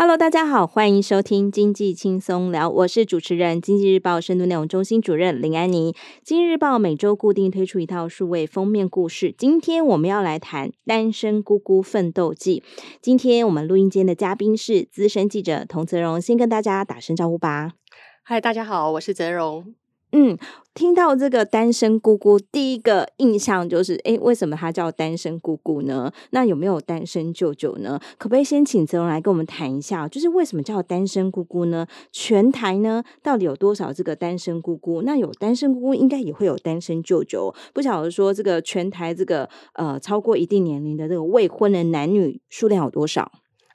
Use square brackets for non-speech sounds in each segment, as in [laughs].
Hello，大家好，歡迎收聽《經濟輕鬆聊》，我是主持人、經濟日報深度內容中心主任林安妮。經濟日報每周固定推出一套數位封面故事，今天我們要來談《單身姑姑奮鬥記》。今天我們錄音間的嘉賓是資深記者仝澤蓉，先跟大家打聲招呼吧。嗨，大家好，我是澤蓉。嗯，聽到這個單身姑姑，第一個印象就是，誒、欸，為什麼他叫單身姑姑呢？那有沒有單身舅舅呢？可不可以先請澤蓉來跟我們談一下，就是為什麼叫單身姑姑呢？全台呢，到底有多少這個單身姑姑？那有單身姑姑，應該也會有單身舅舅。不曉得說這個全台這個呃，超過一定年齡的這個未婚的男女數量有多少？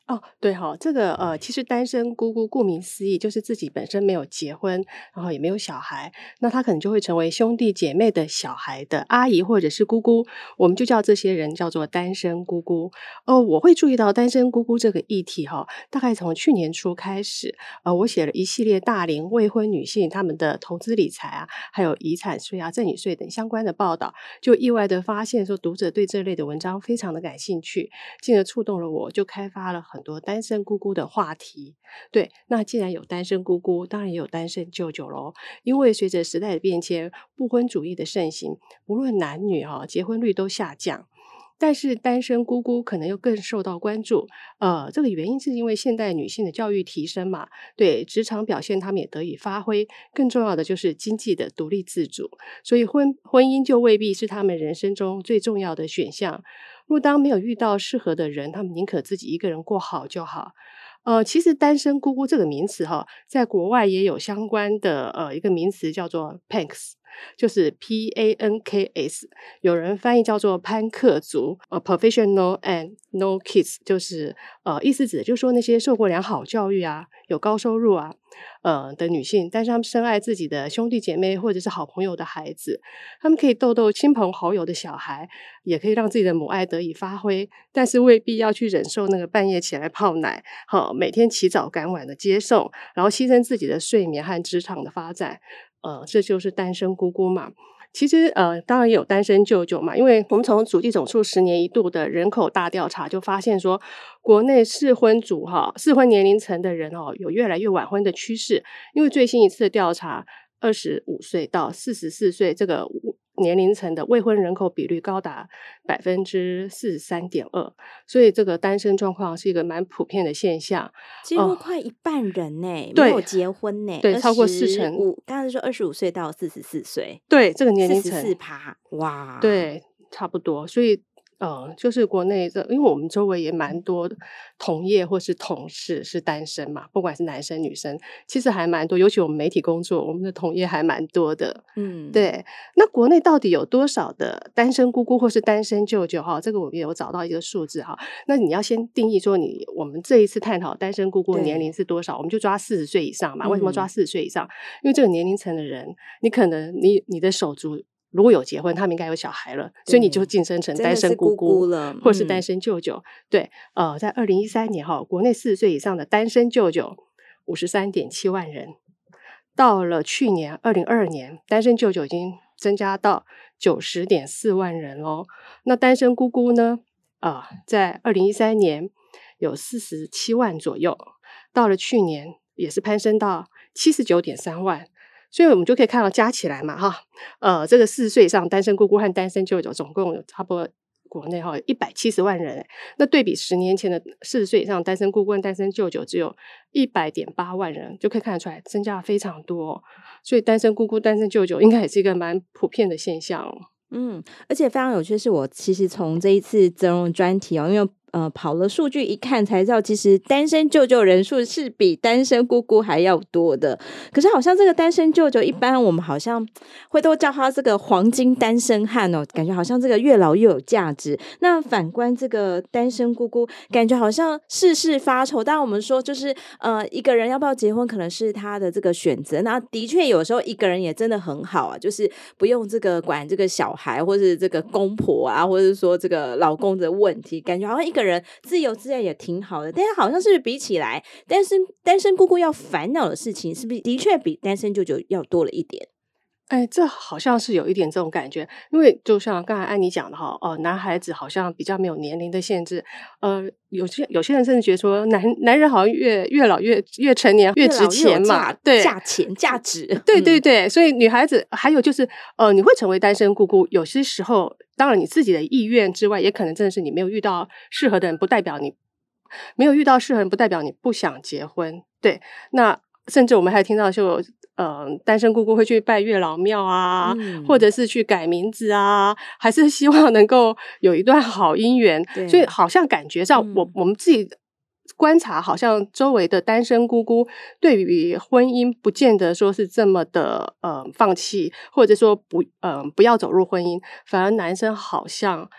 哦，對哈、哦，這個呃，其實單身姑姑顧名思義就是自己本身沒有結婚，然後也沒有小孩，那她可能就會成為兄弟姐妹的小孩的阿姨或者是姑姑，我們就叫這些人叫做單身姑姑。哦，我會注意到單身姑姑這個議題哈、哦，大概從去年初開始，呃，我寫了一系列大齡未婚女性她們的投資理財啊，還有遺產稅啊、贈與稅等相關的報道，就意外地發現說讀者對這類的文章非常的感興趣，進而觸動了我就開發了。很多單身姑姑的話題，對，那既然有單身姑姑，當然也有單身舅舅嘍。因為隨着時代的變遷，不婚主義的盛行，無論男女哈，結婚率都下降。但是單身姑姑可能又更受到關注，呃，這個原因是因為現代女性的教育提升嘛，對職場表現她們也得以發揮，更重要的就是經濟的獨立自主，所以婚婚姻就未必是她們人生中最重要的選項。若當沒有遇到適合的人，她們寧可自己一個人過好就好。呃，其實單身姑姑這個名詞哈，在國外也有相關的呃一個名詞叫做 Panks。就是 P A N K S，有人翻譯叫做潘克族。呃、uh，professional and no kids，就是呃意思指就是說那些受過良好教育啊、有高收入啊、呃的女性，但是她們深愛自己的兄弟姐妹或者是好朋友的孩子，她們可以逗逗親朋好友的小孩，也可以讓自己的母愛得以發揮，但是未必要去忍受那個半夜起來泡奶，好每天起早趕晚的接送，然後犧牲自己的睡眠和職場的發展。呃，這就是單身姑姑嘛。其實，呃，當然也有單身舅舅嘛。因為我們從主計總處十年一度的人口大調查就發現說，國內適婚族哈適婚年齡層的人哦，有越來越晚婚的趨勢。因為最新一次的調查，二十五歲到四十四歲這個。年齡層的未婚人口比率高達百分之四十三點二，所以這個單身狀況是一個蠻普遍的現象，幾乎快一半人呢沒有結婚呢，對，超過四成五。剛剛說二十五歲到四十四歲，對，這個年齡層四趴，哇，對，差不多，所以。嗯，就是國內的，因為我們周圍也蠻多同業或是同事是單身嘛，不管是男生女生，其實還蠻多。尤其我們媒體工作，我們的同業還蠻多的。嗯，對。那國內到底有多少的單身姑姑或是單身舅舅？哈，這個我們也有找到一個數字哈。那你要先定義說你，你我們這一次探討單身姑姑年齡是多少？對我們就抓四十歲以上嘛。為什麼抓四十歲以上？嗯，因為這個年齡層的人，你可能你你的手足。如果有結婚，他們應該有小孩了，對所以你就晉升成單身姑姑，姑，姑了，或是單身舅舅。嗯、對，呃，在二零一三年哈，國內四十歲以上的單身舅舅五十三點七萬人，到了去年二零二二年，單身舅舅已經增加到九十點四萬人嘍。那單身姑姑呢？啊、呃，在二零一三年有四十七萬左右，到了去年也是攀升到七十九點三萬。所以我們就可以看到，加起來嘛，哈，呃，這個四十歲以上單身姑姑和單身舅舅總共有差不多國內哈一百七十萬人。那對比十年前的四十歲以上單身姑姑和單身舅舅只有一百點八萬人，就可以看得出來增加了非常多。所以單身姑姑、單身舅舅應該也是一個蠻普遍的現象。嗯，而且非常有趣是，我其實從這一次整容專題哦，因為。呃、嗯，跑了數據一看，才知道其實單身舅舅人數是比單身姑姑還要多的。可是好像這個單身舅舅，一般我們好像會都叫他這個“黃金單身漢”哦，感覺好像這個越老越有價值。那反觀這個單身姑姑，感覺好像事事發愁。但我們說，就是呃，一個人要不要結婚，可能是他的這個選擇。那的確，有時候一個人也真的很好啊，就是不用這個管這個小孩，或是這個公婆啊，或者是說這個老公的問題，感覺好像一個。人自由自在也挺好的，但是好像是不是比起來，單身單身姑姑要煩惱的事情，是不是的確比單身舅舅要多了一點？哎，這好像是有一點這種感覺，因為就像剛才安妮講的哈，哦、呃，男孩子好像比較沒有年齡的限制，呃，有些有些人甚至覺得說男男人好像越越老越越成年越值錢嘛，越老越有價對，價錢價值，對對對，嗯、所以女孩子還有就是，呃，你會成為單身姑姑，有些時候當然你自己的意願之外，也可能真的是你沒有遇到適合的人，不代表你沒有遇到適合的人，不代表你不想結婚，對，那甚至我們還聽到就嗯、呃，單身姑姑會去拜月老廟啊，嗯、或者是去改名字啊，還是希望能夠有一段好姻緣。對所以好像感覺上，嗯、我我們自己觀察，好像周圍的單身姑姑對於婚姻不見得說是這麼的嗯、呃、放棄，或者說不嗯、呃、不要走入婚姻。反而男生好像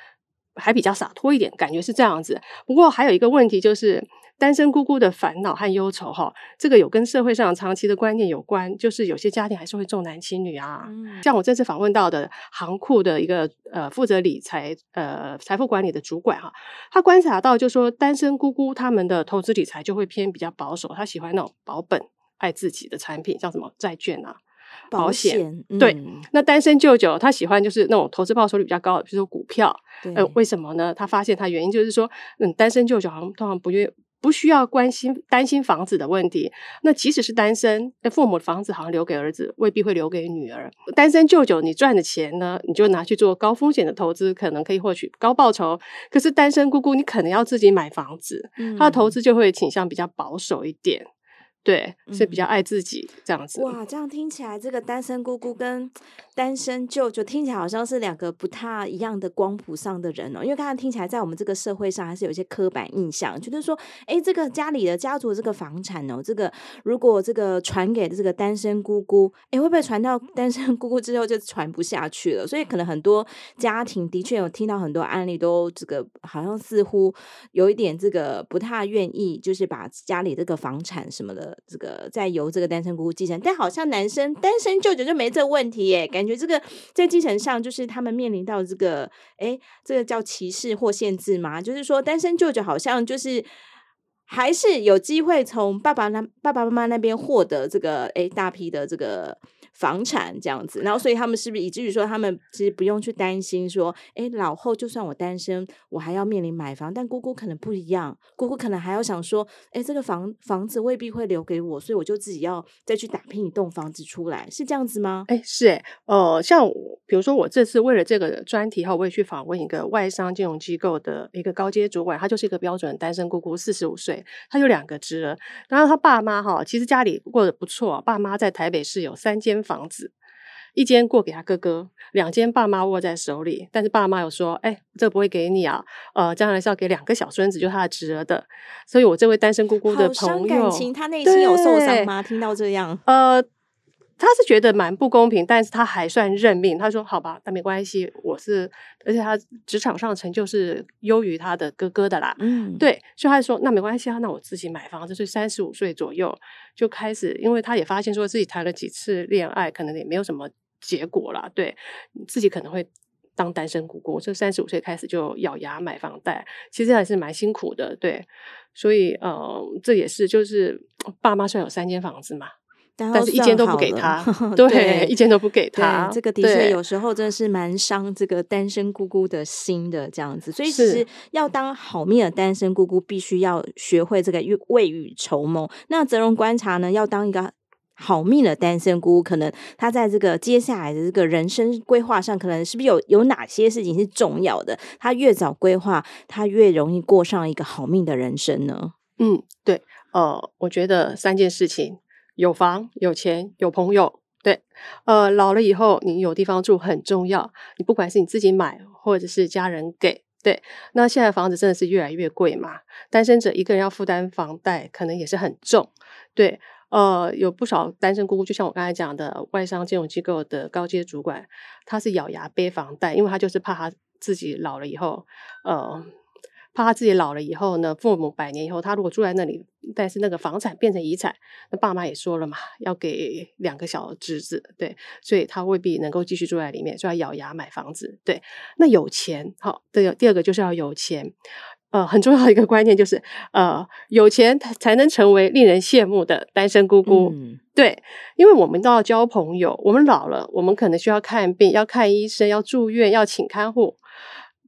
還比較灑脫一點，感覺是這樣子。不過還有一個問題就是。單身姑姑的煩惱和憂愁，哈，這個有跟社會上長期的觀念有關，就是有些家庭還是會重男輕女啊。嗯，像我這次訪問到的行庫的一個呃負責理財呃財富管理的主管哈，他觀察到就是說，單身姑姑他們的投資理財就會偏比較保守，他喜歡那種保本愛自己的產品，像什麼債券啊、保險。保險嗯、對，那單身舅舅他喜歡就是那種投資報酬率比較高的，比如說股票。對、呃，為什麼呢？他發現他原因就是說，嗯，單身舅舅好像通常不願。不需要關心擔心房子的問題。那即使是單身，那父母的房子好像留給兒子，未必會留給女兒。單身舅舅，你賺的錢呢，你就拿去做高風險的投資，可能可以獲取高報酬。可是單身姑姑，你可能要自己買房子，她、嗯、的投資就會傾向比較保守一點。對，是比較愛自己、嗯、這樣子。哇，這樣聽起來，這個單身姑姑跟單身舅舅聽起來好像是兩個不太一樣的光譜上的人哦、喔。因為剛才聽起來，在我們這個社會上還是有一些刻板印象，就是說，哎、欸，這個家裡的家族這個房產哦、喔，這個如果這個傳給這個單身姑姑，哎、欸，會不會傳到單身姑姑之後就傳不下去了？所以可能很多家庭的確有聽到很多案例，都這個好像似乎有一點這個不太願意，就是把家裡這個房產什麼的。這個在由這個單身姑姑繼承，但好像男生單身舅舅就沒這個問題耶？感覺這個在繼承上，就是他們面臨到這個，哎，這個叫歧視或限制嗎？就是說，單身舅舅好像就是還是有機會從爸爸那爸爸媽媽那邊獲得這個，哎，大批的這個。房產這樣子，然後所以他們是不是以至於說他們其實不用去擔心說，哎，老後就算我單身，我還要面臨買房，但姑姑可能不一樣，姑姑可能還要想說，哎，這個房房子未必會留給我，所以我就自己要再去打拼一棟房子出來，是這樣子嗎？哎，是、欸、呃，哦，像比如說我這次為了這個專題哈，我也去訪問一個外商金融機構的一個高階主管，他就是一個標準單身姑姑，四十五歲，他有兩個侄兒，然後他爸媽哈，其實家裡過得不錯，爸媽在台北市有三間。房子一間過給他哥哥，兩間爸媽握在手裡。但是爸媽有說：“哎、欸，這不會給你啊，呃，將來是要給兩個小孫子，就是、他的侄兒的。”所以，我這位單身姑姑的朋友，對他內心有受傷嗎？聽到這樣，呃。他是覺得蠻不公平，但是他還算認命。他說：“好吧，那沒關係，我是，而且他職場上成就是優於他的哥哥的啦。”嗯，對，所以他說：“那沒關係啊，那我自己買房子。”就是三十五歲左右就開始，因為他也發現說自己談了幾次戀愛，可能也沒有什麼結果啦。對，自己可能會當單身姑姑，就三十五歲開始就咬牙買房貸，其實還是蠻辛苦的。對，所以嗯、呃，這也是就是爸媽算有三間房子嘛。但是一件都不給他。 [laughs] 對，對一件都不給他。對這個的確有時候真的是蠻傷這個單身姑姑的心的，這樣子。是所以其實要當好命的單身姑姑，必須要學會這個未雨綢繆。那澤蓉觀察呢，要當一個好命的單身姑姑，可能他在這個接下來的這個人生規劃上，可能是不是有有哪些事情是重要的？他越早規劃，他越容易過上一個好命的人生呢？嗯，對，呃，我覺得三件事情。有房、有錢、有朋友，對，呃，老了以後你有地方住很重要。你不管是你自己買，或者是家人給，對。那現在房子真的是越來越貴嘛，單身者一個人要負擔房貸，可能也是很重，對。呃，有不少單身姑姑，就像我剛才講的，外商金融機構的高階主管，他是咬牙背房貸，因為他就是怕他自己老了以後，呃。怕他自己老了以後呢，父母百年以後，他如果住在那裡，但是那個房產變成遺產，那爸媽也說了嘛，要給兩個小侄子，對，所以他未必能夠繼續住在裡面，所以要咬牙買房子，對，那有錢，好，對，第二個就是要有錢，呃，很重要的一個觀念就是，呃，有錢才能成為令人羨慕的單身姑姑，對，因為我們都要交朋友，我們老了，我們可能需要看病，要看醫生，要住院，要請看護。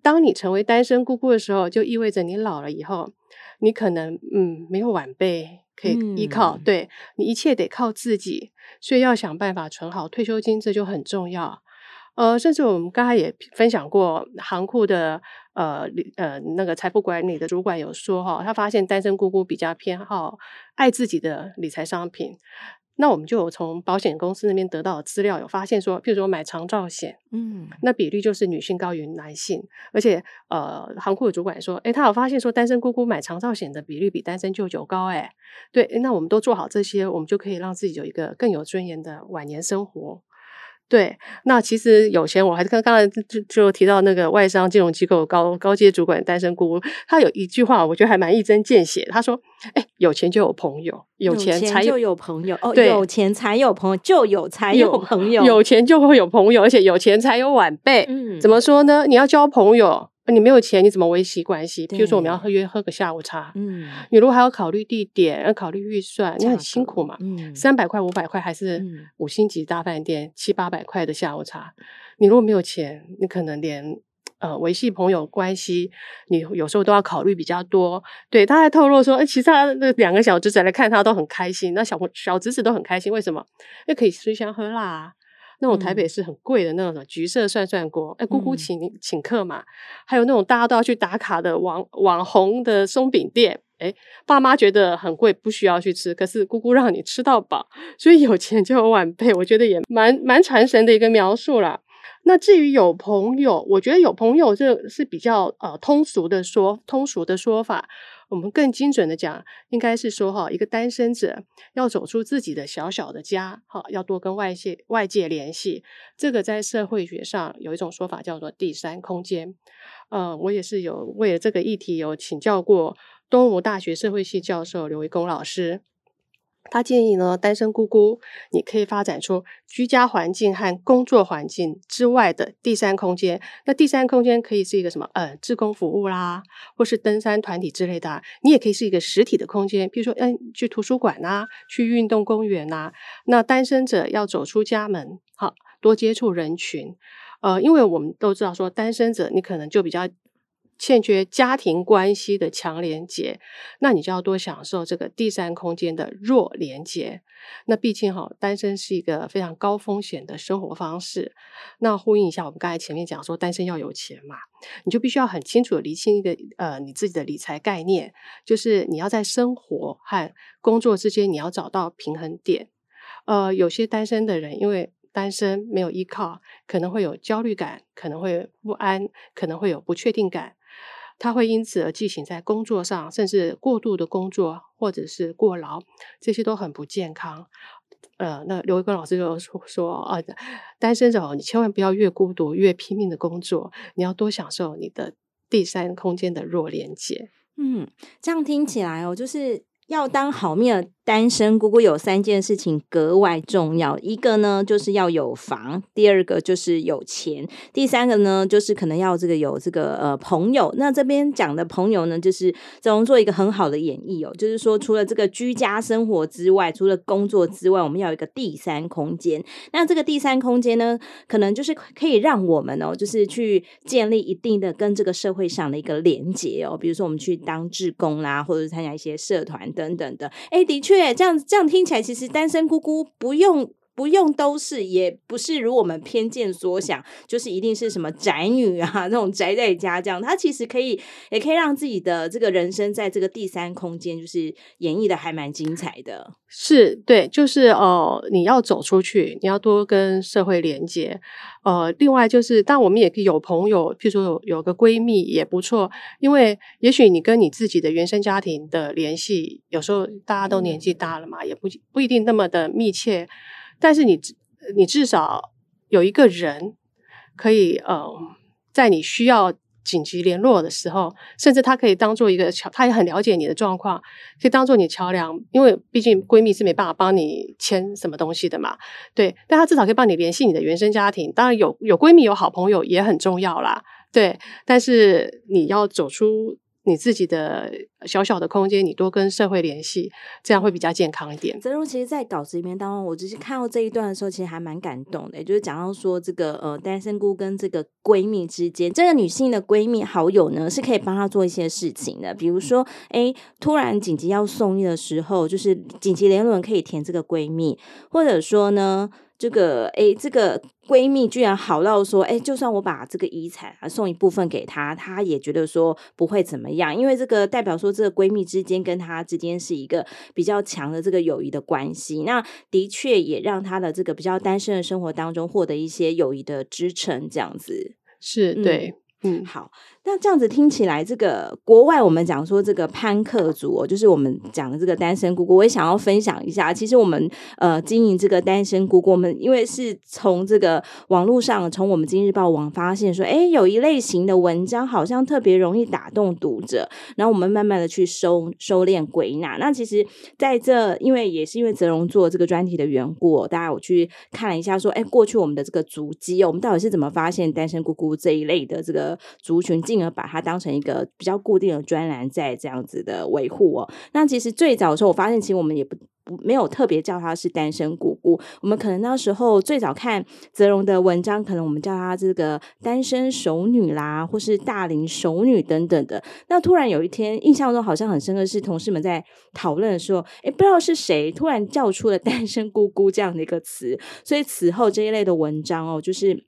當你成為單身姑姑的時候，就意味着你老了以後，你可能嗯，沒有晚輩可以依靠，嗯、對，你一切得靠自己，所以要想辦法存好退休金，這就很重要。呃，甚至我們剛才也分享過，行庫的呃呃那個財富管理的主管有說哈、哦，他發現單身姑姑比較偏好愛自己的理財商品。那我們就有從保險公司那邊得到的資料，有發現說，譬如說買長照險，嗯，那比率就是女性高於男性，而且呃，行庫的主管說，誒，他有發現說單身姑姑買長照險的比率比單身舅舅高誒，誒對，那我們都做好這些，我們就可以讓自己有一個更有尊嚴的晚年生活。對，那其實有錢，我還是剛剛就就提到那個外商金融機構高高階主管單身姑姑，他有一句話，我覺得還蠻一針見血。他說：“哎、欸，有錢就有朋友，有錢才有，有錢就有朋友對哦，有錢才有朋友，就有才有朋友有，有錢就會有朋友，而且有錢才有晚輩。”嗯，怎麼說呢？你要交朋友。你沒有錢，你怎麼維繫關係？譬如說我們要約喝個下午茶，嗯，你如果還要考慮地點，要考慮預算，你很辛苦嘛。三百塊，嗯、五百塊，還是五星級大飯店，嗯、七八百塊的下午茶？你如果沒有錢，你可能連呃維繫朋友關係，你有時候都要考慮比較多。對，他還透露說，呃、其他的兩個小侄子來看他都很開心，那小朋小侄子都很開心，為什麼？因為可以吃香喝辣。那種台北是很貴的那種什麼橘色涮涮鍋，嗯誒，姑姑請請客嘛，嗯，還有那種大家都要去打卡的網網紅的鬆餅店，誒爸媽覺得很貴，不需要去吃，可是姑姑讓你吃到飽，所以有錢就有晚輩，我覺得也蠻蠻傳神的一個描述啦。那至於有朋友，我覺得有朋友這是比較呃通俗的說，通俗的說法。我們更精準的講，應該是說哈，一個單身者要走出自己的小小的家，哈，要多跟外界外界聯繫。這個在社會學上有一種說法叫做“第三空間”呃。嗯，我也是有為了這個議題有請教過東吳大學社會系教授劉維公老師。他建議呢，單身姑姑，你可以發展出居家環境和工作環境之外的第三空間。那第三空間可以是一個什麼？呃，志工服務啦，或是登山團體之類的。你也可以是一個實體的空間，比如說，嗯去圖書館吶，去運動公園吶。那單身者要走出家門，好，多接觸人群。呃，因為我們都知道說，單身者你可能就比較。欠缺家庭關係的強連接，那你就要多享受這個第三空間的弱連接。那畢竟哈、哦，單身是一個非常高風險的生活方式。那呼應一下，我們剛才前面講說，單身要有錢嘛，你就必須要很清楚的理清一個呃，你自己的理財概念，就是你要在生活和工作之間，你要找到平衡點。呃，有些單身的人因為單身沒有依靠，可能會有焦慮感，可能會不安，可能會有不確定感。他會因此而進行在工作上，甚至過度的工作或者是過勞，這些都很不健康。呃，那劉一戈老師就說：“說、呃、啊，單身者，你千萬不要越孤獨越拼命的工作，你要多享受你的第三空間的弱連接。”嗯，這樣聽起來哦，就是要當好命。嗯單身姑姑有三件事情格外重要，一個呢就是要有房，第二個就是有錢，第三個呢就是可能要這個有這個呃朋友。那這邊講的朋友呢，就是總做一個很好的演繹哦，就是說除了這個居家生活之外，除了工作之外，我們要有一個第三空間。那這個第三空間呢，可能就是可以讓我們哦，就是去建立一定的跟這個社會上的一個連接哦，比如說我們去當志工啦、啊，或者是參加一些社團等等的。哎，的確。對啊，這樣這樣聽起來，其實單身姑姑不用。不用都是，也不是如我們偏見所想，就是一定是什麼宅女啊，那種宅在家這樣。她其實可以，也可以讓自己的這個人生在這個第三空間，就是演繹的還蠻精彩的。是，對，就是哦、呃，你要走出去，你要多跟社會連接。呃，另外就是，但我們也可以有朋友，譬如說有有個閨蜜也不錯，因為也許你跟你自己的原生家庭的聯繫，有時候大家都年紀大了嘛，嗯、也不不一定那麼的密切。但是你你至少有一個人可以呃，在你需要緊急聯絡的時候，甚至他可以當做一個橋，他也很了解你的狀況，可以當做你的橋梁。因為畢竟閨蜜是沒辦法幫你簽什麼東西的嘛，對。但他至少可以幫你聯繫你的原生家庭。當然有，有有閨蜜有好朋友也很重要啦，對。但是你要走出。你自己的小小的空間，你多跟社會聯繫，這樣會比較健康一點。澤蓉，其實，在稿子裡面當中，我就是看到這一段的時候，其實還蠻感動的，就是講到說這個呃單身姑跟這個閨蜜之間，這個女性的閨蜜好友呢，是可以幫她做一些事情的，比如說，哎，突然緊急要送醫的時候，就是緊急聯絡人可以填這個閨蜜，或者說呢。這個，哎，這個閨蜜居然好到說，哎，就算我把這個遺產啊送一部分給她，她也覺得說不會怎麼樣，因為這個代表說這個閨蜜之間跟她之間是一個比較強的這個友誼的關係。那的確也讓她的這個比較單身的生活當中獲得一些友誼的支撐，這樣子。是，對。嗯。嗯，好，那這樣子聽起來，這個國外我們講說這個潘克族、哦，就是我們講的這個單身姑姑，我也想要分享一下。其實我們呃經營這個單身姑姑，我們因為是從這個網絡上，從我們《經濟日報》網發現說，哎、欸，有一類型的文章好像特別容易打動讀者，然後我們慢慢的去收收斂歸納。那其實在這，因為也是因為澤蓉做這個專題的緣故、哦，大家我去看了一下，說，哎、欸，過去我們的這個足跡哦，我們到底是怎麼發現單身姑姑這一類的這個。族群，進而把它當成一個比較固定的專欄，在這樣子的維護哦。那其實最早的時候，我發現，其實我們也不，不沒有特別叫她是單身姑姑。我們可能那時候最早看澤蓉的文章，可能我們叫她這個單身熟女啦，或是大齡熟女等等的。那突然有一天，印象中好像很深刻是同事們在討論的時候，誒，不知道是誰突然叫出了“單身姑姑”這樣的一個詞。所以此後這一類的文章哦，就是。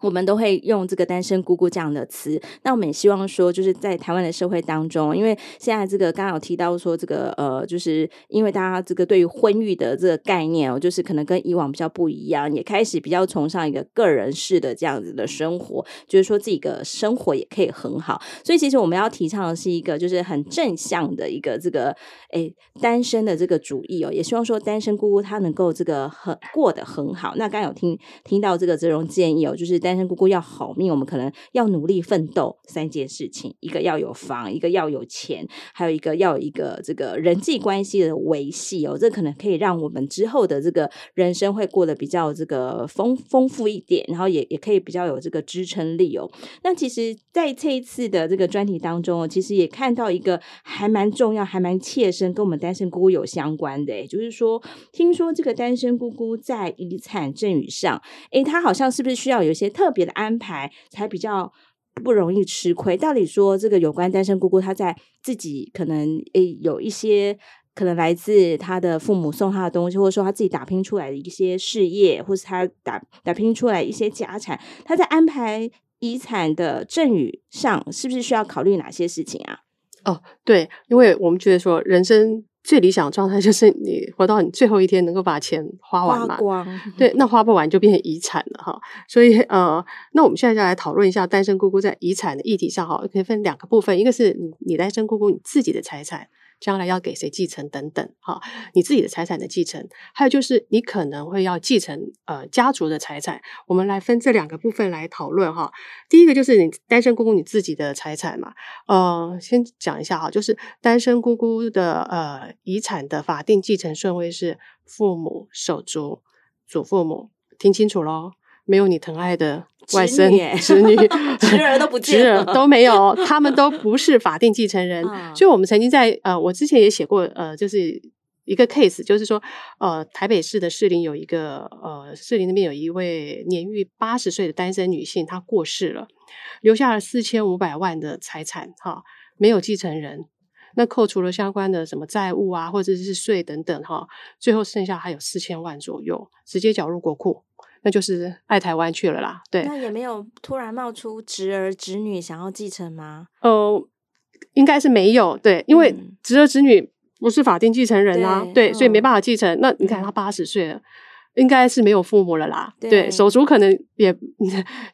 我們都會用這個“單身姑姑”這樣的詞，那我們也希望說，就是在台灣的社會當中，因為現在這個剛有提到說，這個呃，就是因為大家這個對於婚育的這個概念哦，就是可能跟以往比較不一樣，也開始比較崇尚一個個人式的這樣子的生活，就是說自己一個生活也可以很好。所以其實我們要提倡的是一個就是很正向的一個這個誒單身的這個主義哦，也希望說單身姑姑她能夠這個很過得很好。那剛剛有聽聽到這個這種建議哦，就是單單身姑姑要好命，我們可能要努力奮鬥三件事情：一個要有房，一個要有錢，還有一個要有一個這個人際關係的維繫哦。這可能可以讓我們之後的這個人生會過得比較這個豐豐富一點，然後也也可以比較有這個支撐力哦。那其實在這一次的這個專題當中，其實也看到一個還蠻重要、還蠻切身跟我們單身姑姑有相關的，就是說，聽說這個單身姑姑在遺產贈與上，誒，她好像是不是需要有一些。特別的安排才比較不容易吃虧。道理說，這個有關單身姑姑，她在自己可能有一些可能來自她的父母送她的東西，或者說她自己打拼出來的一些事業，或是她打打拼出來一些家產，她在安排遺產的贈與上，是不是需要考慮哪些事情啊？哦，對，因為我們覺得說人生最理想的狀態就是你活到你最後一天，能夠把錢花完嘛？花光，對，那花不完就變成遺產了哈。所以呃，那我們現在就來討論一下單身姑姑在遺產的議題上哈，可以分兩個部分，一個是你單身姑姑你自己的財產。將來要給誰繼承等等哈、哦、你自己的財產的繼承，還有就是你可能會要繼承呃家族的財產，我們來分這兩個部分來討論哈、哦。第一個就是你單身姑姑你自己的財產嘛，呃，先講一下哈，就是單身姑姑的呃遺產的法定繼承順位是父母、手足、祖父母，聽清楚嘍。沒有你疼愛的外甥、侄女、欸、女、侄兒 [laughs] 都不見了、呃、都沒有，他們都不是法定繼承人。 [laughs] 所以，我們曾經在呃，我之前也寫過呃，就是一個 case，就是說呃，台北市的士林有一個呃，士林那邊有一位年逾八十歲的單身女性，她過世了，留下了四千五百萬的財產哈，沒有繼承人，那扣除了相關的什麼債務啊，或者是，是稅等等哈，最後剩下還有四千萬左右，直接繳入國庫。那就是愛台灣去了啦，對。那也沒有突然冒出侄兒侄女想要繼承嗎？哦、呃，應該是沒有，對，因為侄兒侄女不是法定繼承人啊，嗯、對，對，所以沒辦法繼承。嗯、那你看他八十歲了，嗯、應該是沒有父母了啦，對，對手足可能也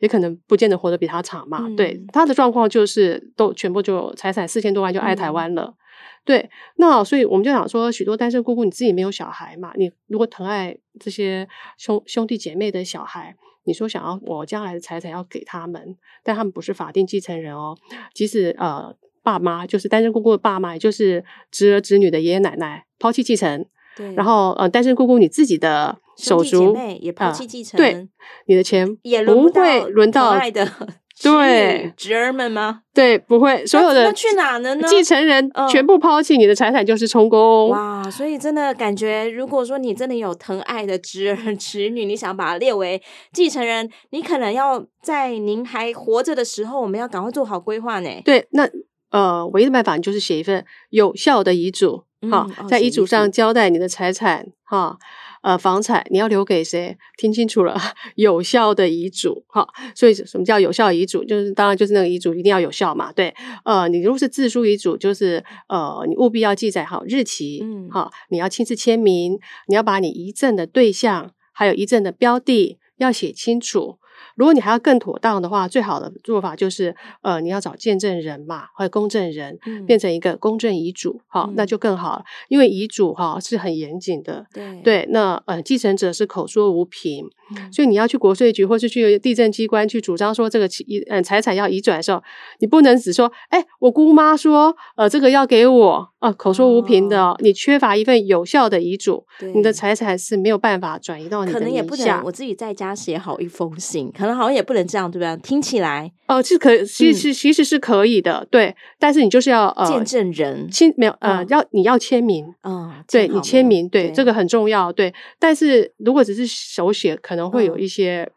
也可能不見得活得比他長嘛，嗯、對。他的狀況就是都全部就財產四千多萬就愛台灣了。嗯對，那所以我們就想說，許多單身姑姑，你自己沒有小孩嘛，你如果疼愛這些兄兄弟姐妹的小孩，你說想要我將來的財產要給他們，但他們不是法定繼承人哦。即使呃爸媽，就是單身姑姑的爸媽，也就是侄兒侄女的爺爺奶奶拋棄繼承，對然後呃單身姑姑你自己的手足也拋棄繼承，呃、對，你的錢也不會輪到，輪到愛的。對，侄兒們嗎？對，不會，所有的那去哪了呢？繼承人全部拋棄你的財產就是充公。啊呃。哇，所以真的感覺，如果說你真的有疼愛的侄兒侄女，你想把他列為繼承人，你可能要在您還活着的時候，我們要趕快做好規劃呢。對，那呃，唯一的辦法就是寫一份有效的遺囑哈，在遺囑上交代你的財產哈。呃，房產你要留給誰？聽清楚了，有效的遺囑哈、哦。所以什麼叫有效遺囑？就是當然就是那個遺囑一定要有效嘛。對，呃，你如果是自書遺囑，就是呃，你務必要記載好日期，嗯，好、哦，你要親自簽名，你要把你遺贈的對象還有遺贈的標的要寫清楚。如果你還要更妥當的話，最好的做法就是，呃，你要找見證人嘛，或者公證人，嗯、變成一個公證遺囑，好、哦嗯、那就更好了。因為遺囑哈、哦、是很嚴謹的，對，對，那呃，繼承者是口說無憑。所以你要去國稅局，或是去地政機關去主張說，這個遺嗯財產要移轉的時候，你不能只說，哎，我姑媽說，呃，這個要給我，啊，口說無憑的，你缺乏一份有效的遺囑，你的財產是沒有辦法轉移到你的名下。可能也不能我自己在家寫好一封信，可能好像也不能這樣，對不對？聽起來，哦，其實可其實其實是可以的，對，但是你就是要見證人，簽，沒有，呃，要你要簽名，啊，對你簽名，對這個很重要，對，但是如果只是手寫可。可能會有一些、嗯、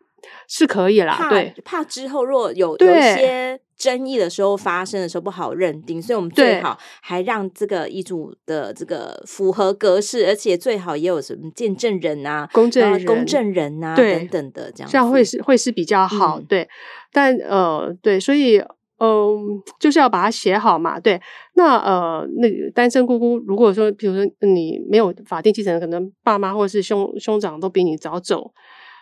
是可以啦，怕對，怕之後若有對有一些爭議的時候發生的時候不好認定，所以我們最好還讓這個遺囑的這個符合格式，對而且最好也有什麼見證人啊、公證公證人啊對等等的這樣，這樣會是會是比較好，嗯、對。但呃，對，所以嗯、呃，就是要把它寫好嘛，對。那呃，那個、單身姑姑如果說，比如說你沒有法定繼承人，可能爸媽或者是兄兄長都比你早走。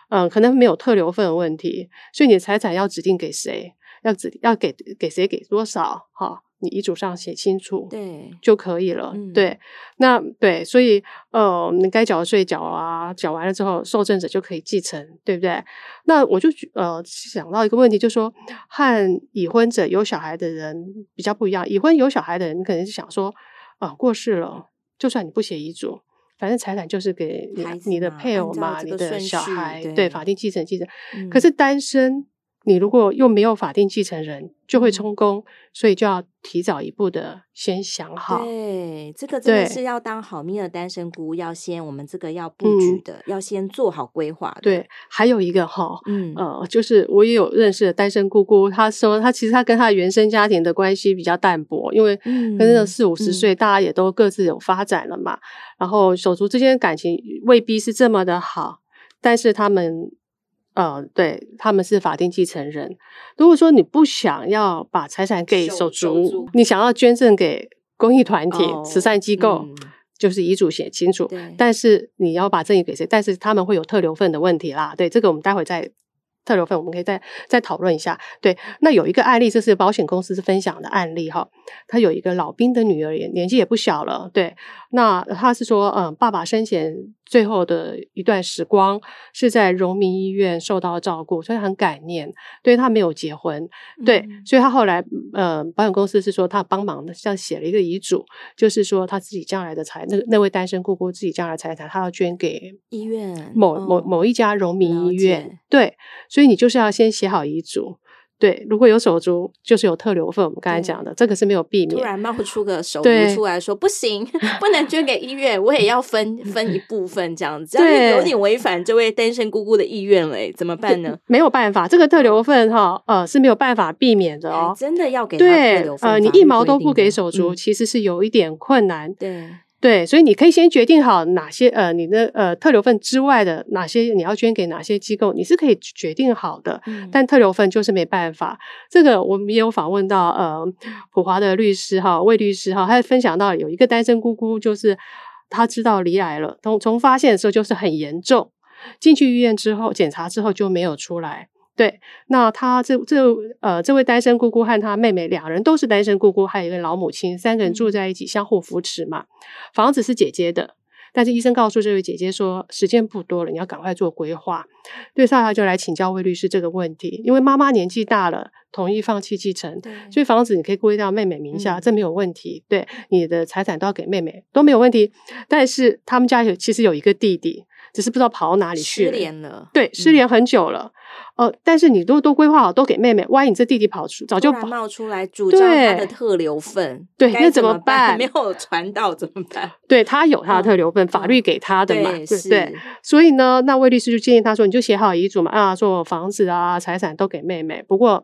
嗯、呃，可能沒有特留份的問題，所以你的財產要指定給誰，要指要給給誰，給多少哈？你遺囑上寫清楚，對，就可以了。嗯、對，那對，所以呃，你該繳的稅繳啊，繳完了之後，受贈者就可以繼承，對不對？那我就呃想到一個問題，就說和已婚者有小孩的人比較不一樣，已婚有小孩的人，你可能就想說，啊、呃，過世了，就算你不寫遺囑。反正財產就是給你，你的配偶嘛，你的小孩，對，對法定繼承繼承。嗯、可是單身。你如果又沒有法定繼承人，就會充公，所以就要提早一步的先想好。對，這個真的對是要當好命的單身姑，要先我們這個要布局的，嗯、要先做好規劃的。對，還有一個哈，嗯、呃，就是我也有認識的單身姑姑，她說，她其實她跟她原生家庭的關係比較淡薄，因為跟那個四五十歲，嗯、大家也都各自有發展了嘛，嗯、然後手足之間的感情未必是這麼的好，但是他們。呃、嗯，對他們是法定繼承人。如果說你不想要把財產給手足，住住你想要捐贈給公益團體、慈善機構，哦嗯、就是遺囑寫清楚。對但是你要把贈與給誰？但是他們會有特留份的問題啦。對，這個我們待會再特留份，我們可以再再討論一下。對，那有一個案例，就是保險公司是分享的案例哈、哦。他有一個老兵的女兒，也年紀也不小了。對，那他是說，嗯，爸爸生前。最後的一段時光是在榮民醫院受到照顧，所以很感念。對，他沒有結婚，對，嗯、所以他後來，呃，保險公司是說他幫忙，像寫了一個遺囑，就是說他自己將來的財，那個那位單身姑姑自己將來的財產，他要捐給醫院，哦、某某某一家榮民醫院。了解。對，所以你就是要先寫好遺囑。對，如果有手足，就是有特留份。我們剛才講的，對這個是沒有避免。突然冒出個手足出來說：“對不行，不能捐給醫院，我也要分分一部分。”這樣子，這樣 [laughs] 對有點違反這位單身姑姑的意願了、欸，怎麼辦呢？ [laughs] 沒有辦法，這個特留份哈，呃，是沒有辦法避免的哦、喔。真的要給他特留份。對呃，你一毛都不給手足，嗯、其實是有一點困難。對。對，所以你可以先決定好哪些呃，你的呃特留分之外的哪些你要捐給哪些機構，你是可以決定好的。但特留分就是沒辦法。嗯、這個我們也有訪問到呃普華的律師哈魏律師哈，他分享到有一個單身姑姑，就是她知道罹癌了，從從發現的時候就是很嚴重，進去醫院之後檢查之後就沒有出來。對，那他這這呃，這位單身姑姑和他妹妹兩人都是單身姑姑，還有一個老母親，三個人住在一起，相互扶持嘛。嗯、房子是姐姐的，但是醫生告訴這位姐姐說，時間不多了，你要趕快做規劃。對，笑笑就來請教魏律師這個問題，因為媽媽年紀大了，同意放棄繼承，嗯、所以房子你可以過戶到妹妹名下，嗯、這沒有問題。對，你的財產都要給妹妹，都沒有問題。但是他們家有其實有一個弟弟。只是不知道跑到哪裡去了，失聯了，對，失聯很久了。哦，但是你都都規劃好，都給妹妹，萬一你這弟弟跑出，早就冒出來主張他的特留份，對，那怎麼辦？沒有傳到怎麼辦？對，他有他的特留份，法律給他的嘛，對。所以呢，那魏律師就建議他說：“你就寫好遺囑嘛，啊，做房子啊、財產都給妹妹，不過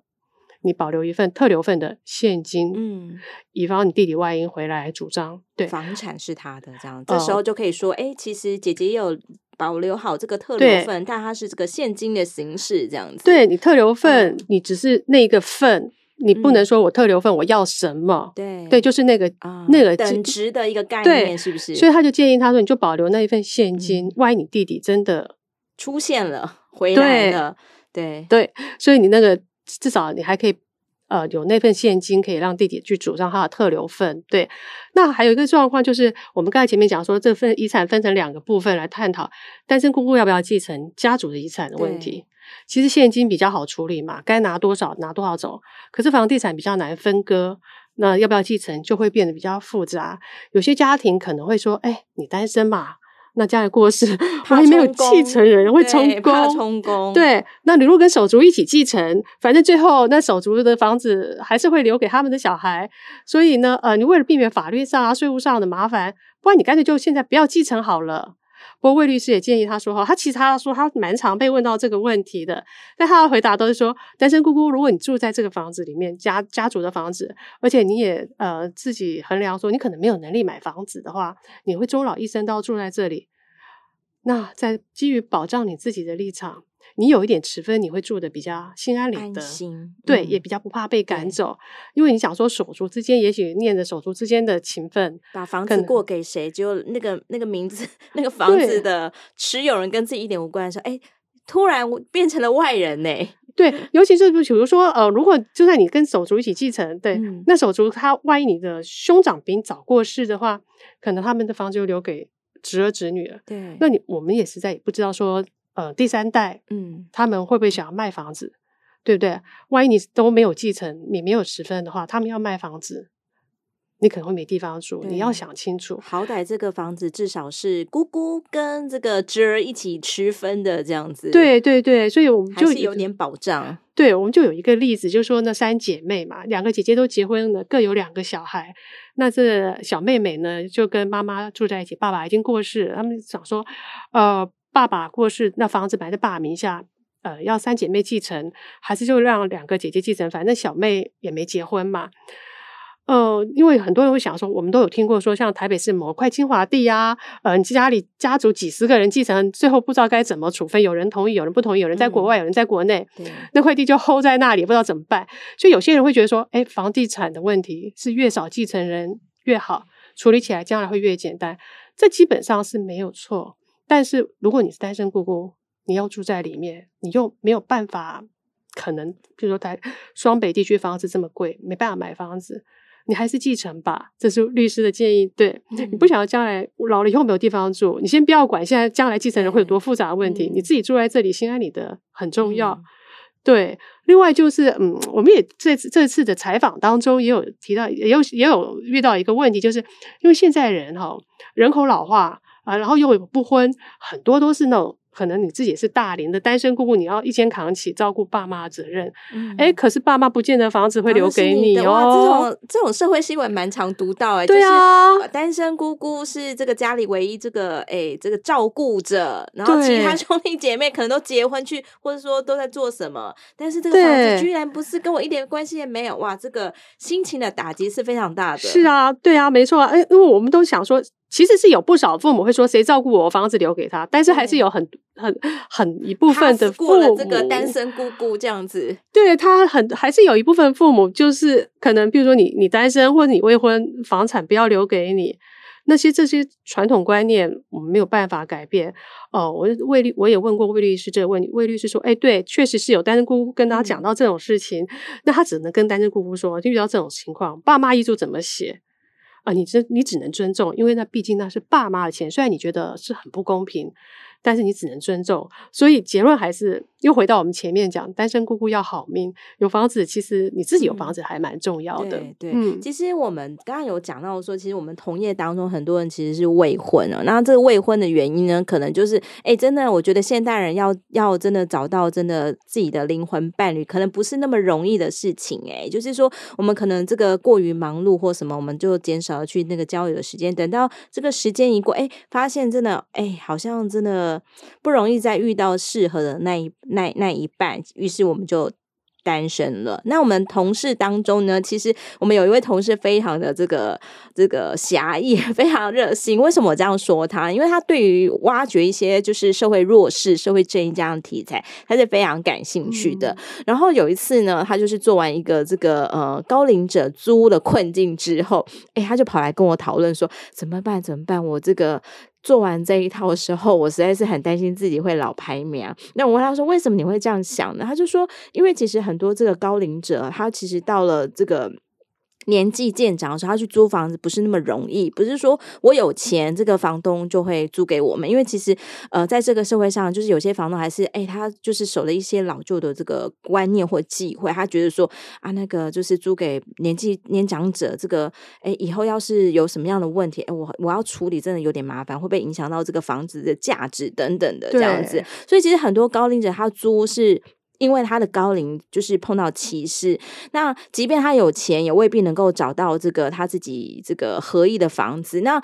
你保留一份特留份的現金，嗯，以防你弟弟萬一回來主張，對，房產是他的，這樣，這時候就可以說，哎，其實姐姐也有。”保留好這個特留份，但它是這個現金的形式，這樣子。對，你特留份，你只是那個份，你不能說我特留份我要什麼？對對，就是那個啊那個等值的一個概念，是不是？所以他就建議他說，你就保留那一份現金，萬一你弟弟真的出現了回來了，對對，所以你那個至少你還可以。呃，有那份現金可以讓弟弟去主張他的特留份，對。那還有一個狀況就是，我們剛才前面講說，這份遺產分成兩個部分來探討單身姑姑要不要繼承家族的遺產的問題。對其實現金比較好處理嘛，該拿多少拿多少走。可是房地產比較難分割，那要不要繼承就會變得比較複雜。有些家庭可能會說：“哎，你單身嘛？”那將來過世，我還沒有繼承人會，會充公，對，那你如果跟手足一起繼承，反正最後那手足的房子還是會留給他們的小孩，所以呢，呃，你為了避免法律上啊、稅務上的麻煩，不然你乾脆就現在不要繼承好了。不過魏律師也建議他說：“哈，他其實他說他蠻常被問到這個問題的，但他的回答都是說，單身姑姑，如果你住在這個房子裡面，家家族的房子，而且你也呃自己衡量說你可能沒有能力買房子的話，你會終老一生都要住在這裡。那在基於保障你自己的立場。”你有一點持分，你會住的比較心安理得，安心對，嗯、也比較不怕被趕走。對因為你想說手足之間，也許念着手足之間的情分，把房子過給誰，就能那個那個名字，那個房子的持有人跟自己一點無關的時候，哎對，突然變成了外人呢、欸。對，尤其是比如說呃，如果就算你跟手足一起繼承，對，嗯、那手足他萬一你的兄長比你早過世的話，可能他們的房子就留給侄兒侄女了。對，那你我們也實在也不知道說。呃，第三代，嗯，他們會不會想要賣房子？對不對？萬一你都沒有繼承，你沒有持分的話，他們要賣房子，你可能會沒地方住。對你要想清楚，好歹這個房子至少是姑姑跟這個侄兒一起持分的這樣子。對對對，所以我們就有點保障。對，我們就有一個例子，就是說那三姐妹嘛，兩個姐姐都結婚了，各有兩個小孩，那這小妹妹呢就跟媽媽住在一起，爸爸已經過世，他們想說，呃。爸爸過世，那房子擺在爸名下，呃，要三姐妹繼承，還是就讓兩個姐姐繼承？反正小妹也沒結婚嘛。呃，因為很多人會想說，我們都有聽過說，像台北市某塊精華地呀、啊，呃，家裡家族幾十個人繼承，最後不知道該怎麼處分，有人同意，有人不同意，有人在國外，嗯、有人在國內，對那塊地就 hold 在那裡，不知道怎麼辦。所以有些人會覺得說，誒，房地產的問題是越少繼承人越好，處理起來將來會越簡單。這基本上是沒有錯。但是如果你是單身姑姑，你要住在裡面，你又沒有辦法，可能比如說在雙北地區房子這麼貴，沒辦法買房子，你還是繼承吧，這是律師的建議。對、嗯、你不想要將來老了以後沒有地方住，你先不要管現在將來繼承人會有多複雜的問題，嗯、你自己住在這裡心安理得很重要。嗯、對，另外就是嗯，我們也這次這次的採訪當中也有提到，也有也有遇到一個問題，就是因為現在人哈人口老化，啊，然後又有不婚，很多都是那種可能你自己是大齡的單身姑姑，你要一肩扛起照顧爸媽的責任。誒、嗯欸、可是爸媽不見得房子會留給你哦。你這種這種社會新聞蠻常讀到誒、欸、對啊，單身姑姑是這個家裡唯一這個誒、欸、這個照顧者，然後其他兄弟姐妹可能都結婚去，或者說都在做什麼，但是這個房子居然不是跟我一點關係也沒有，對哇，這個心情的打擊是非常大的。是啊，對啊，沒錯啊，哎、欸，因為我們都想說。其實是有不少父母會說，誰照顧我房子留給他，但是還是有很、嗯、很很一部分的父母他過了這個單身姑姑這樣子。對，他很還是有一部分父母就是可能，比如說你你單身或者你未婚，房產不要留給你。那些這些傳統觀念我們沒有辦法改變哦。我魏律我也問過魏律師這個問題，魏律師說，哎對，確實是有單身姑姑跟他講到這種事情，嗯、那他只能跟單身姑姑說，就遇到這種情況，爸媽遺囑怎麼寫？啊，你只你只能尊重，因為那畢竟那是爸媽的錢，雖然你覺得是很不公平，但是你只能尊重，所以結論還是。又回到我們前面講，單身姑姑要好命，有房子，其實你自己有房子還蠻重要的。嗯、對，對，嗯，其實我們剛剛有講到說，其實我們同業當中很多人其實是未婚啊。那這個未婚的原因呢，可能就是，哎、欸，真的，我覺得現代人要要真的找到真的自己的靈魂伴侶，可能不是那麼容易的事情、欸。哎，就是說，我們可能這個過於忙碌或什麼，我們就減少了去那個交友的時間。等到這個時間一過，哎、欸，發現真的，哎、欸，好像真的不容易再遇到適合的那一，那那一半，於是我們就單身了。那我們同事當中呢，其實我們有一位同事非常的這個這個俠義，非常熱心。為什麼我這樣說他？因為他對於挖掘一些就是社會弱勢、社會正義這樣的題材，他是非常感興趣的。嗯。然後有一次呢，他就是做完一個這個呃高齡者租的困境之後，哎，他就跑來跟我討論說：“怎麼辦？怎麼辦？我這個。”做完這一套的時候，我實在是很擔心自己會老排名。那我問他說：“為什麼你會這樣想呢？”他就說：“因為其實很多這個高齡者，他其實到了這個。”年紀漸長的時候，他去租房子不是那麼容易。不是說我有錢，這個房東就會租給我們。因為其實，呃，在這個社會上，就是有些房東還是哎、欸，他就是守了一些老舊的這個觀念或忌諱。他覺得說啊，那個就是租給年紀年長者，這個哎、欸，以後要是有什麼樣的問題，哎、欸，我我要處理，真的有點麻煩，會不會影響到這個房子的價值等等的這樣子。對所以，其實很多高齡者他租是。因為他的高齡就是碰到歧視，那即便他有錢，也未必能夠找到這個他自己這個合意的房子。那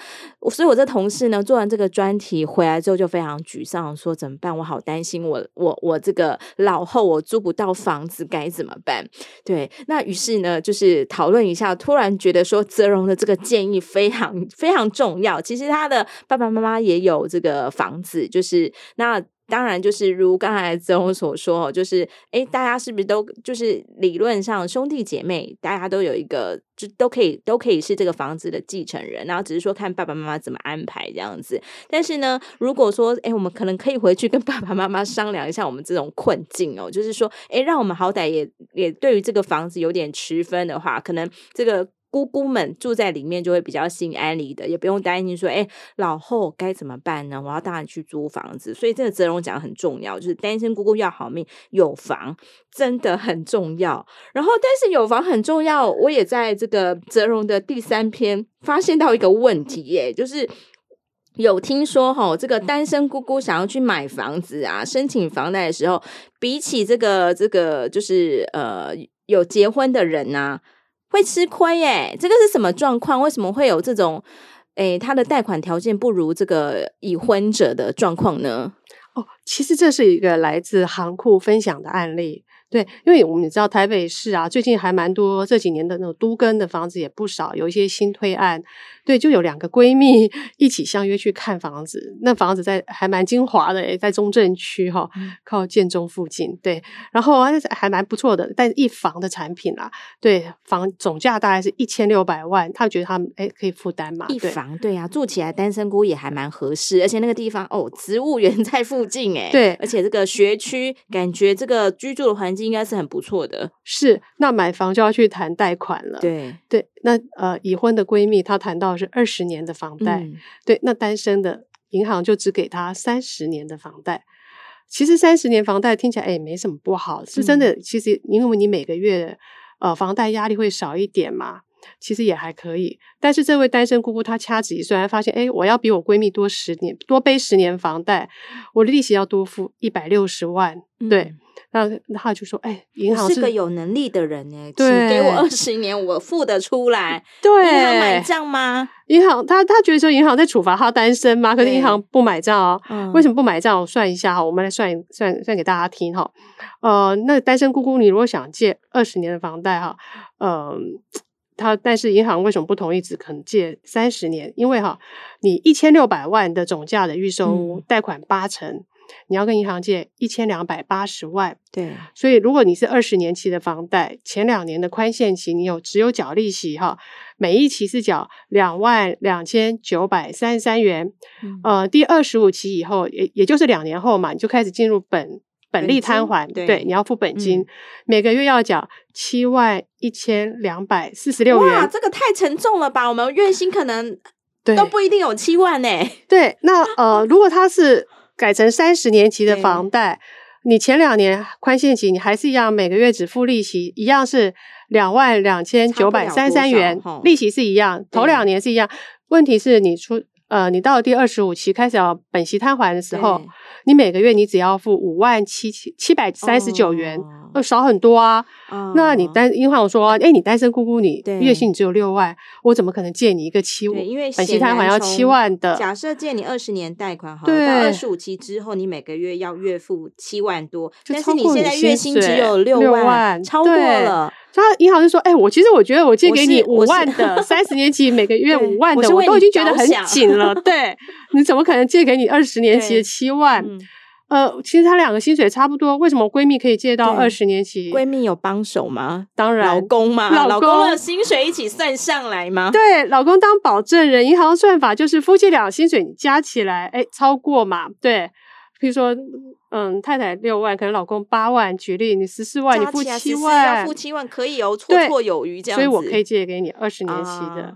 所以，我這同事呢做完這個專題回來之後，就非常沮喪，說怎麼辦？我好擔心我，我我我這個老後我租不到房子，該怎麼辦？對，那於是呢，就是討論一下，突然覺得說澤蓉的這個建議非常非常重要。其實他的爸爸媽媽也有這個房子，就是那。當然，就是如剛才澤蓉所說，就是哎，大家是不是都就是理論上兄弟姐妹，大家都有一個，就都可以都可以是這個房子的繼承人，然後只是說看爸爸媽媽怎麼安排這樣子。但是呢，如果說哎，我們可能可以回去跟爸爸媽媽商量一下，我們這種困境哦，就是說哎，讓我們好歹也也對於這個房子有點持分的話，可能這個。姑姑們住在裡面就會比較心安理得，也不用擔心說，哎、欸，老後該怎麼辦呢？我要帶你去租房子。所以這個澤蓉講很重要，就是單身姑姑要好命有房，真的很重要。然後，但是有房很重要，我也在這個澤蓉的第三篇發現到一個問題耶、欸，就是有聽說哈、哦，這個單身姑姑想要去買房子啊，申請房貸的時候，比起這個這個就是呃有結婚的人啊。」會吃虧耶？這個是什麼狀況？為什麼會有這種，誒，他的貸款條件不如這個已婚者的狀況呢？哦，其實這是一個來自行庫分享的案例，對，因為我們知道台北市啊，最近還蠻多這幾年的那種都更的房子也不少，有一些新推案。對，就有兩個閨蜜一起相約去看房子。那房子在還蠻精華的、欸，哎，在中正區哈、哦，靠建中附近。對，然後還蠻不錯的，但一房的產品啦，對，房總價大概是一千六百萬，她覺得她們、欸、可以負擔嘛。一房對呀、啊，住起來單身姑也還蠻合適，而且那個地方哦，植物園在附近哎、欸，對，而且這個學區，感覺這個居住的環境應該是很不錯的。是，那買房就要去談貸款了。對，對。那呃，已婚的閨蜜她談到是二十年的房貸，嗯、對，那單身的銀行就只給她三十年的房貸。其實三十年房貸聽起來哎也沒什麼不好，是,是真的。嗯、其實因為你每個月呃房貸壓力會少一點嘛，其實也還可以。但是這位單身姑姑她掐指一算，發現哎，我要比我閨蜜多十年多背十年房貸，我的利息要多付一百六十萬，嗯、對。嗯那他就說：“哎、欸，銀行是，是個有能力的人呢，對請給我二十年，我付得出來。對，你要買賬嗎？銀行他他覺得說銀行在處罰他單身嗎？可是銀行不買賬啊、哦！嗯、為什麼不買賬？我算一下哈，我們來算算算給大家聽哈。呃，那單身姑姑，你如果想借二十年的房貸哈，嗯、呃，他但是銀行為什麼不同意只肯借三十年？因為哈，你一千六百萬的總價的預收貸款八成。嗯”你要跟銀行借一千兩百八十萬，對。所以如果你是二十年期的房貸，前兩年的寬限期，你有只有繳利息哈，每一期是繳兩萬兩千九百三十三元。嗯、呃，第二十五期以後，也也就是兩年後嘛，你就開始進入本本利攤還。對，對，你要付本金，嗯、每個月要繳七萬一千兩百四十六元。哇，這個太沉重了吧？我們月薪可能都不一定有七萬呢、欸。對，那呃，如果他是。改成三十年期的房貸，對你前兩年寬限期，你還是一樣每個月只付利息，一樣是兩萬兩千九百三十三元，多多哦、利息是一樣，頭兩年是一樣。對問題是你出呃，你到了第二十五期開始要本息攤還的時候，你每個月你只要付五萬七千七百三十九元，嗯、少很多啊。嗯、那你單，因為我說，哎、欸，你單身姑姑，你月薪你只有六萬，對我怎麼可能借你一個七萬？因為本息貸款要七萬的。假設借你二十年貸款，哈對，二十五期之後，你每個月要月付七萬多，就但是你現在月薪只有六萬，六萬，超過了。他銀行就說：“哎、欸，我其實我覺得我借給你五萬的三十年期，每個月五萬的， [laughs] 我，我都已經覺得很緊了。對， [laughs] 你怎麼可能借給你二十年期的七萬？嗯、呃，其實他兩個薪水差不多，為什麼閨蜜可以借到二十年期？閨蜜有幫手嗎？當然，老公嗎老公嘛？老公的薪水一起算上來嗎？對，老公當保證人，銀行算法就是夫妻倆薪水加起來，哎、欸，超過嘛？對。”比如說，嗯，太太六萬，可能老公八萬，舉例，你十四萬，你十四萬，你付七萬，付七萬可以哦，綽綽有餘這樣子，所以我可以借給你二十年期的。啊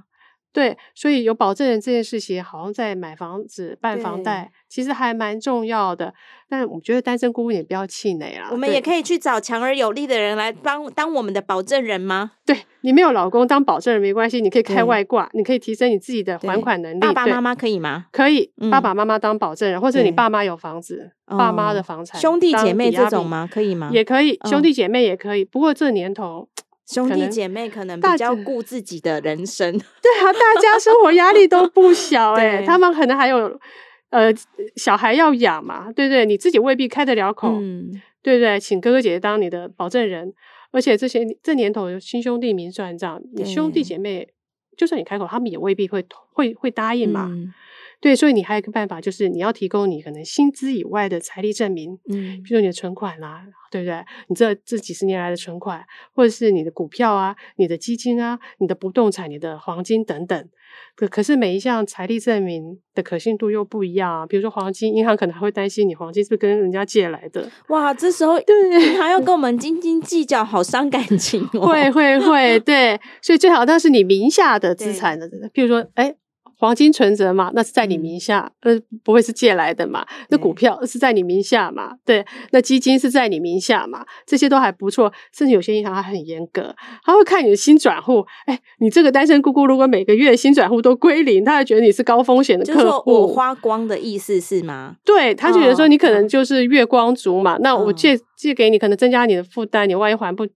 對，所以有保證人這件事情，好像在買房子，辦房貸，對其實還蠻重要的。但我覺得單身姑姑也不要氣餒啊，我們也可以去找強而有力的人來幫當我們的保證人嗎？對，你沒有老公當保證人沒關係，你可以開外掛，對你可以提升你自己的還款能力。對對爸爸媽媽可以嗎？可以，嗯、爸爸媽媽當保證人，或者你爸媽有房子，嗯、爸媽的房產，兄弟姐妹這種嗎？可以嗎？也可以，兄弟姐妹也可以。哦、不過這年頭。兄弟姐妹可能比較顧自己的人生，對啊，大家生活壓力都不小誒、欸、 [laughs] 對他們可能還有呃小孩要養嘛，對不對？你自己未必開得了口，嗯、對不對？請哥哥姐姐當你的保證人，而且這些這年頭有親兄弟明算賬，你兄弟姐妹對就算你開口，他們也未必會會會答應嘛。嗯對，所以你還有一個辦法，就是你要提供你可能薪資以外的財力證明，嗯，比如說你的存款啦、啊，對不對？你這這幾十年來的存款，或者是你的股票啊、你的基金啊、你的不動產、你的黃金等等。可可是，每一項財力證明的可信度又不一樣啊，比如說黃金，銀行可能還會擔心你黃金是不是跟人家借來的。哇，這時候對，還要跟我們斤斤計較，好傷感情哦。 [laughs] 會會會，對，所以最好那是你名下的資產呢，比對如說誒黃金存摺嘛，那是在你名下，呃、嗯，不會是借來的嘛？那股票是在你名下嘛？欸、對，那基金是在你名下嘛？這些都還不錯，甚至有些銀行還很嚴格，他會看你的薪轉戶。哎，欸，你這個單身姑姑，如果每個月薪轉戶都歸零，他還覺得你是高風險的客戶。就是說我花光的意思是嗎？對，他就覺得說你可能就是月光族嘛，哦、那我借借給你，可能增加你的負擔，你萬一還不。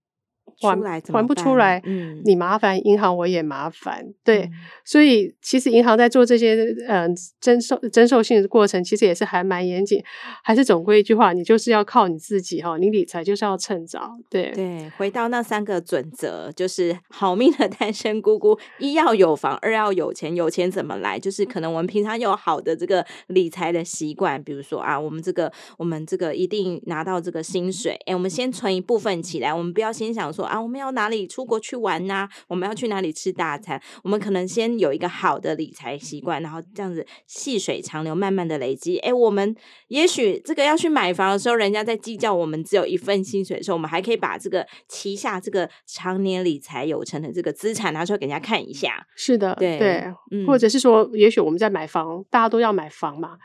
還還不出來，嗯，你麻煩銀行，我也麻煩，對，嗯、所以其實銀行在做這些嗯、呃、徵授、徵授信的過程，其實也是還蠻嚴謹，還是總歸一句話，你就是要靠你自己哈，你理財就是要趁早，對對。回到那三個準則，就是好命的單身姑姑，一要有房，二要有錢，有錢怎麼來？就是可能我們平常有好的這個理財的習慣，比如說啊，我們這個我們這個一定拿到這個薪水，哎，我們先存一部分起來，我們不要先想說。啊，我們要哪裡出國去玩吶？我們要去哪裡吃大餐？我們可能先有一個好的理財習慣，然後這樣子細水長流，慢慢的累積。哎、欸，我們也許這個要去買房的時候，人家在計較我們只有一份薪水的時候，我們還可以把這個旗下這個長年理財有成的這個資產拿出來給人家看一下。是的，對，對嗯、或者是說，也許我們在買房，大家都要買房嘛。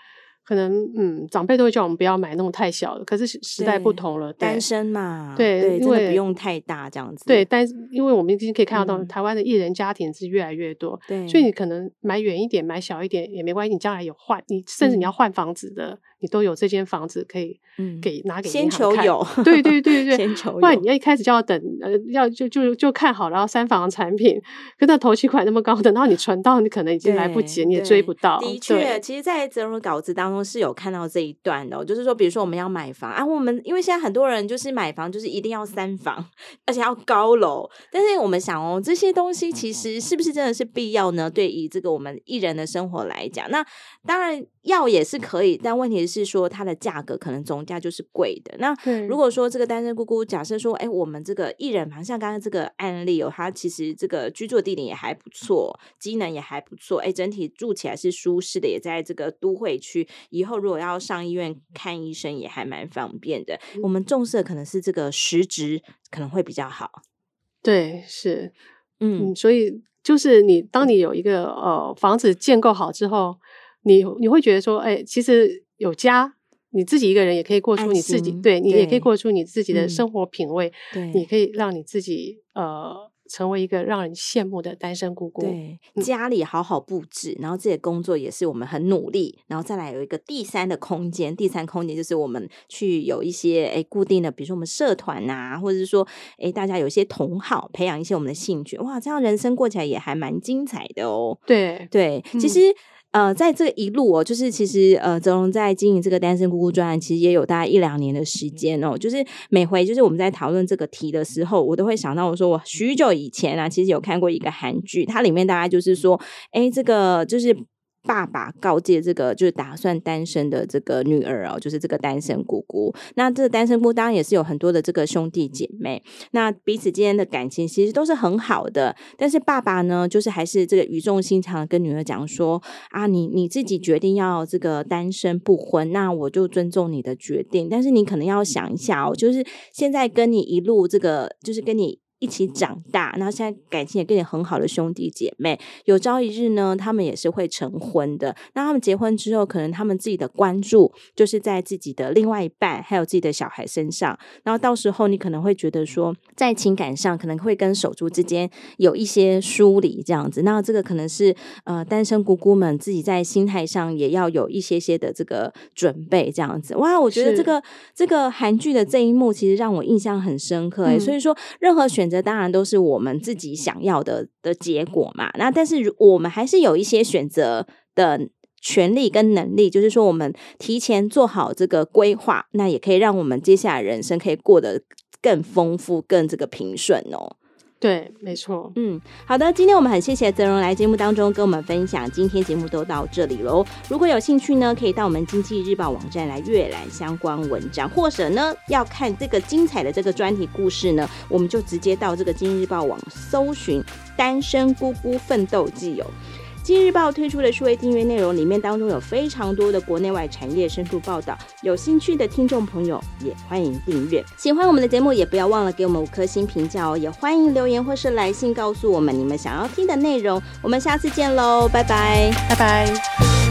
可能嗯，長輩都會叫我們不要買那種太小的，可是時代不同了，對對單身嘛，對，對，因為不用太大這樣子。對，但是因為我們已經可以看得到，到，台灣的一人家庭是越來越多，對、嗯，所以你可能買遠一點，買小一點也沒關係，你將來有換，你甚至你要換房子的。嗯你都有這間房子可以給、嗯、拿給銀行看，先求有。對對對對，先求有。不然你要一開始就要等，呃，要就就就看好了，然後三房的產品，可頭期款那麼高的，等到你存到，你可能已經來不及，對你也追不到。對的確，其實，在澤蓉稿子當中是有看到這一段的、哦，就是說，比如說我們要買房啊，我們因為現在很多人就是買房就是一定要三房，而且要高樓，但是我們想哦，這些東西其實是不是真的是必要呢？對於這個我們一人的生活來講，那當然要也是可以，但問題是。是說它的價格可能總價就是貴的。那如果說這個單身姑姑，假設說、欸，我們這個一人房，像剛剛這個案例哦，它其實這個居住地點也還不錯，機能也還不錯，哎、欸，整體住起來是舒適的，也在這個都會區，以後如果要上醫院看醫生也還蠻方便的。我們重視的可能是這個實質可能會比較好。對，是，嗯，所以就是你當你有一個呃房子建構好之後，你你會覺得說，哎、欸，其實。有家，你自己一個人也可以過出你自己，愛心。對，對，你也可以過出你自己的生活品味。嗯，對，你可以讓你自己呃成為一個讓人羨慕的單身姑姑。對，嗯，家裡好好布置，然後這些工作也是我們很努力，然後再來有一個第三的空間。第三空間就是我們去有一些誒固定的，比如說我們社團啊，或者是說誒大家有一些同好，培養一些我們的興趣。哇，這樣人生過起來也還蠻精彩的哦。對對，其實。嗯呃，在這一路哦，就是其實呃，澤蓉在經營這個單身姑姑專案，其實也有大概一兩年的時間哦。就是每回就是我們在討論這個題的時候，我都會想到我說我許久以前啊，其實有看過一個韓劇，它裡面大概就是說，哎、欸，這個就是。爸爸告誡這個就是打算單身的這個女兒哦，就是這個單身姑姑。那這個單身姑當然也是有很多的這個兄弟姐妹，那彼此之間的感情其實都是很好的。但是爸爸呢，就是還是這個語重心長的跟女兒講說啊，你你自己決定要這個單身不婚，那我就尊重你的決定。但是你可能要想一下哦，就是現在跟你一路這個，就是跟你。一起長大，然後現在感情也跟你很好的兄弟姐妹，有朝一日呢，他們也是會成婚的。那他們結婚之後，可能他們自己的關注就是在自己的另外一半，還有自己的小孩身上。然後到時候你可能會覺得說，在情感上可能會跟手足之間有一些疏離這樣子。那這個可能是呃，單身姑姑們自己在心態上也要有一些些的這個準備這樣子。哇，我覺得這個是這個韓劇的這一幕其實讓我印象很深刻、欸嗯、所以說，任何選。這當然都是我們自己想要的的結果嘛。那但是我們還是有一些選擇的權利跟能力，就是說我們提前做好這個規劃，那也可以讓我們接下來人生可以過得更豐富、更這個平順哦。對，沒錯。嗯，好的，今天我們很謝謝澤蓉來節目當中跟我們分享。今天節目都到這裡嘍，如果有興趣呢，可以到我們經濟日報網站來閱覽相關文章，或者呢要看這個精彩的這個專題故事呢，我們就直接到這個經濟日報網搜尋《單身姑姑奮鬥記》有、哦。經濟日報推出的數位訂閱內容裡面當中有非常多的國內外產業深度報道，有興趣的聽眾朋友也歡迎訂閱。喜歡我們的節目，也不要忘了給我們五顆星評價哦。也歡迎留言或是來信告訴我們你們想要聽的內容。我們下次見嘍，拜拜，拜拜。